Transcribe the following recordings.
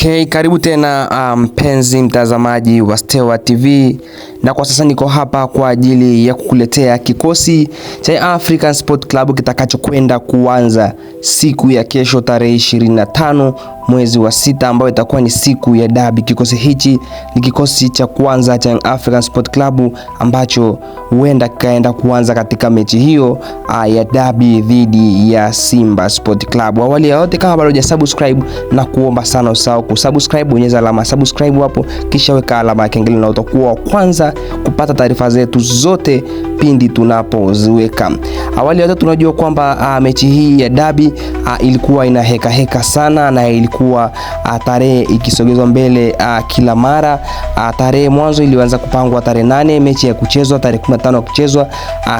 Okay, karibu tena uh, mpenzi um, mtazamaji wa Stewa TV, na kwa sasa niko hapa kwa ajili ya kukuletea kikosi cha African Sport Club kitakachokwenda kuanza siku ya kesho tarehe 25 mwezi wa sita ambayo itakuwa ni siku ya dabi. Kikosi hichi ni kikosi cha kwanza cha Young African Sport Club ambacho huenda kikaenda kuanza katika mechi hiyo ah, ya dabi dhidi ya Simba Sport Club. Awali ya yote, kama bado hujasubscribe na kuomba sana usahau kusubscribe, bonyeza alama subscribe hapo kisha weka alama ya kengele na utakuwa wa kwanza kupata taarifa zetu zote pindi tunapoziweka. Awali ya yote, tunajua kwamba ah, mechi hii ya dabi ah, ilikuwa ina heka heka sana na ilikuwa ilikuwa ah, tarehe ikisogezwa mbele a, ah, kila mara ah, tarehe mwanzo ilianza kupangwa tarehe nane mechi ya kuchezwa tarehe 15 ya kuchezwa.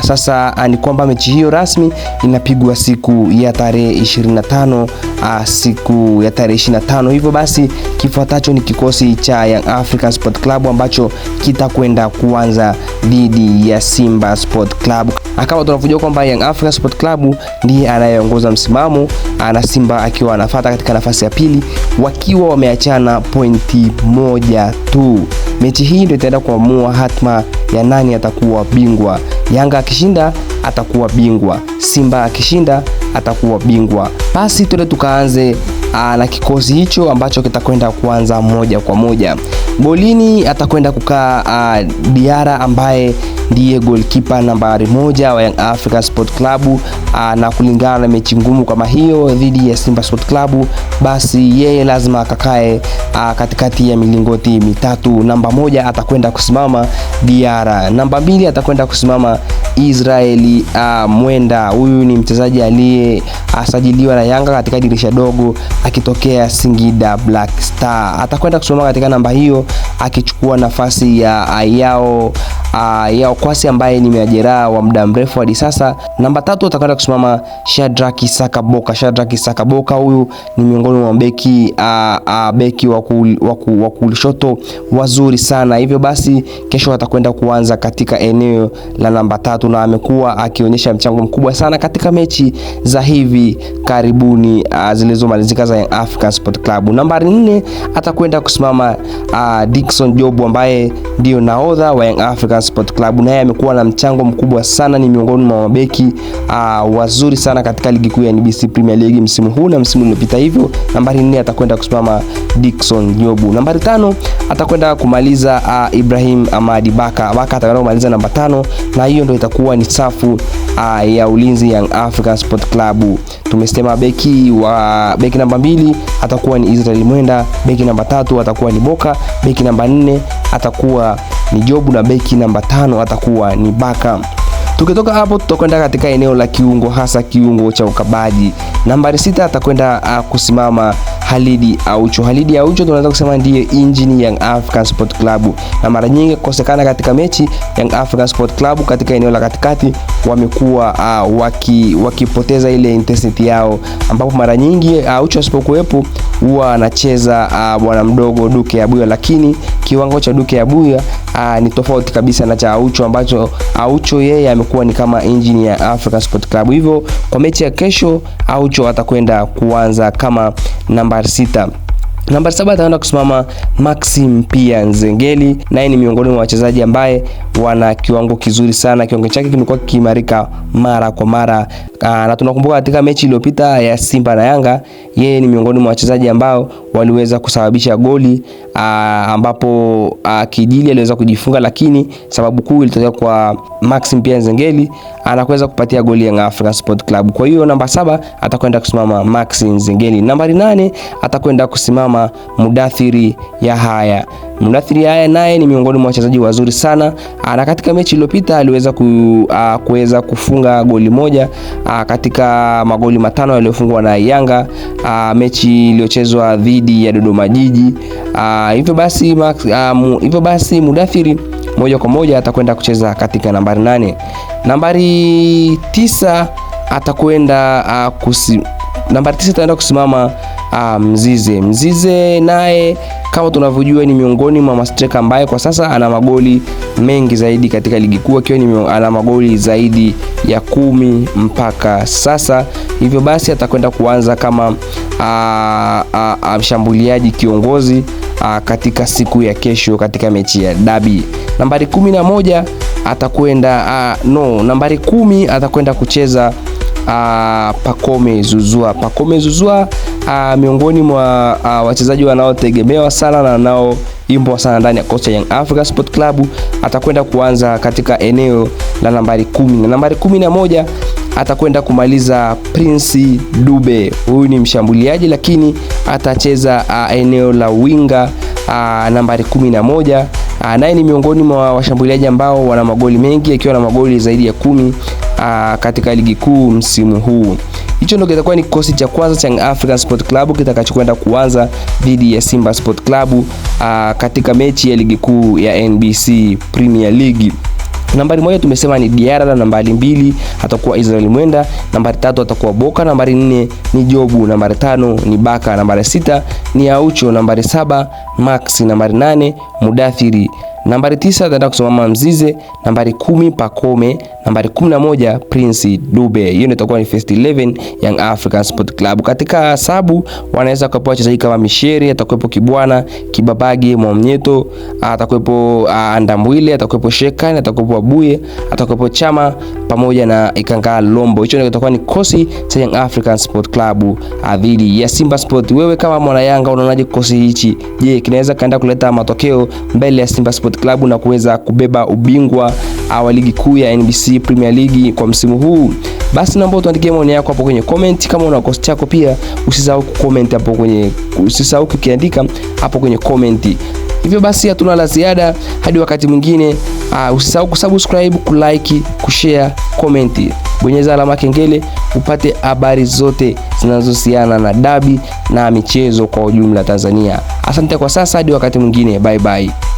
Sasa ni kwamba mechi hiyo rasmi inapigwa siku ya tarehe 25 a, siku ya tarehe 25. Hivyo basi kifuatacho ni kikosi cha Young African Sport Club ambacho kitakwenda kuanza dhidi ya Simba Sport Club. Kama tunavyojua kwamba Young African Sport Club ndiye anayeongoza msimamo ana Simba akiwa anafuata katika nafasi ya pili wakiwa wameachana pointi moja tu. Mechi hii ndio itaenda kuamua hatma ya nani atakuwa bingwa. Yanga akishinda atakuwa bingwa, Simba akishinda atakuwa bingwa. Basi tuende tukaanze aa, ah, na kikosi hicho ambacho kitakwenda kuanza moja kwa moja. Golini atakwenda kukaa ah, Diara ambaye ndiye goalkeeper nambari moja wa Young Africa Sport Club, ah, na kulingana na mechi ngumu kama hiyo dhidi ya Simba Sport Club, basi yeye lazima akakae katikati ya milingoti mitatu. Namba moja atakwenda kusimama Diara, namba mbili atakwenda kusimama Israeli Mwenda. Huyu ni mchezaji aliyesajiliwa na Yanga katika dirisha dogo akitokea Singida Black Star. Atakwenda kusimama katika namba hiyo akichukua nafasi ya Ayao uh, ya Okwasi ambaye ni majeraha wa muda mrefu hadi sasa. Namba tatu atakwenda kusimama Shadrack Sakaboka. Shadrack Sakaboka huyu ni miongoni mwa beki ah, ah, beki wa kushoto wazuri sana, hivyo basi kesho atakwenda kuanza katika eneo la namba tatu na amekuwa akionyesha mchango mkubwa sana katika mechi za hivi karibuni uh, zilizomalizika za Young African Sport Club. Nambari nne atakwenda kusimama uh, Dickson Jobu ambaye ndio nahodha wa Young African Young Sport Club, naye amekuwa na mchango mkubwa sana, ni miongoni mwa mabeki uh, wazuri sana katika ligi kuu ya NBC Premier League msimu huu na msimu uliopita. Hivyo nambari nne atakwenda kusimama Dickson Nyobu, Nambari tano atakwenda kumaliza uh, Ibrahim Amadi Baka. Baka atakwenda kumaliza namba tano, na hiyo ndio itakuwa ni safu uh, ya ulinzi Young African Sport Club. Tumesema beki wa beki namba mbili atakuwa ni Israel Mwenda, beki namba tatu atakuwa ni Boka, beki namba nne atakuwa ni Jobu na beki namba tano atakuwa ni Baka. Tukitoka hapo tutakwenda katika eneo la kiungo, hasa kiungo cha ukabaji. Nambari sita atakwenda uh, kusimama Halidi Aucho. Halidi Aucho tunaweza kusema ndiye injini Young African Sport Club, na mara nyingi kukosekana katika mechi Young African Sport Club katika eneo la katikati wamekuwa uh, waki, wakipoteza ile intensity yao, ambapo mara nyingi ah, Aucho uh, asipokuwepo huwa anacheza uh, bwana mdogo Duke Abuya, lakini kiwango cha Duke Abuya uh, ni tofauti kabisa na cha Aucho ambacho Aucho yeye amekuwa ni kama engine ya Africa Sport Club. Hivyo kwa mechi ya kesho Aucho atakwenda kuanza kama nambari sita. Nambari saba ataenda kusimama Maxim pia Nzengeli, naye ni miongoni mwa wachezaji ambaye wana kiwango kizuri sana. Kiwango chake kimekuwa kikiimarika mara kwa mara aa, ah, na tunakumbuka katika mechi iliyopita ya Simba na Yanga, yeye ni miongoni mwa wachezaji ambao waliweza kusababisha goli aa, ah, ambapo aa, ah, Kijili aliweza kujifunga, lakini sababu kuu ilitokea kwa Maxim Pia Nzengeli anakuweza kupatia goli ya African Sport Club. Kwa hiyo namba saba atakwenda kusimama Maxim Nzengeli, nambari nane atakwenda kusimama Mudathiri Yahaya. Mdathiri haya naye ni miongoni mwa wachezaji wazuri sana ah, na katika mechi iliyopita aliweza ah, kuweza kufunga goli moja ah, katika magoli matano yaliyofungwa na Yanga mechi iliyochezwa dhidi ya Dodoma Jiji. Hivyo basi, hivyo basi Mudathiri moja kwa moja atakwenda kucheza katika nambari nane. Nambari tisa atakwenda kusi Nambari tisa tunaenda kusimama uh, Mzize. Mzize naye kama tunavyojua ni miongoni mwa mastreka ambaye kwa sasa ana magoli mengi zaidi katika ligi kuu akiwa ana magoli zaidi ya kumi mpaka sasa. Hivyo basi atakwenda kuanza kama ah, ah, mshambuliaji kiongozi aa, katika siku ya kesho katika mechi ya dabi. Nambari kumi na moja atakwenda no, nambari kumi atakwenda kucheza uh, Pacome Zuzua. Pacome Zuzua uh, miongoni mwa uh, wachezaji wanaotegemewa sana na wanaoimbwa sana ndani ya kocha Young Africa Sport Club, atakwenda kuanza katika eneo la nambari kumi na nambari kumi na moja atakwenda kumaliza Prince Dube. Huyu ni mshambuliaji lakini atacheza uh, eneo la winga uh, nambari kumi na moja naye ni miongoni mwa washambuliaji ambao wana magoli mengi akiwa na magoli zaidi ya kumi uh, katika ligi kuu msimu huu. Hicho ndio kitakuwa ni kikosi cha kwanza cha African Sport Club kitakachokwenda kuanza dhidi ya Simba Sport Club uh, katika mechi ya ligi kuu ya NBC Premier League. Nambari moja tumesema ni Diara, na nambari mbili atakuwa Israel Mwenda, nambari tatu atakuwa Boka, nambari nne ni Jobu, nambari tano ni Baka, nambari sita ni Aucho, nambari saba Max, nambari nane Mudathiri, nambari tisa ataenda kusimama Mzize, nambari kumi Pakome, nambari kumi na moja Prince Dube. Hiyo ndio itakuwa ni first 11 Young African Sport Club. Katika sabu wanaweza kupewa wachezaji kama Misheri, atakuwepo Kibwana, Kibabage, Mwamnyeto, atakuwepo ah, Andambwile, atakuwepo Shekani, atakuwepo Abuye, atakuwepo Chama pamoja na Ikanga Lombo. Hicho ndio kitakuwa ni kosi cha Young African Sport Club ah, dhidi ya Simba Sport. Wewe kama mwana Yanga unaonaje kosi hichi? Je, kinaweza kaenda kuleta matokeo mbele ya Simba Sport Club na kuweza kubeba ubingwa wa ligi kuu ya NBC Premier League kwa msimu huu. Basi naomba utuandikie maoni yako hapo kwenye comment, kama una kosti yako pia usisahau ku comment hapo kwenye, usisahau kukiandika hapo kwenye comment. Hivyo basi hatuna la ziada hadi wakati mwingine. Uh, usisahau kusubscribe, kulike, kushare, comment, bonyeza alama kengele upate habari zote zinazohusiana na dabi na michezo kwa ujumla Tanzania. Asante kwa sasa, hadi wakati mwingine, bye bye.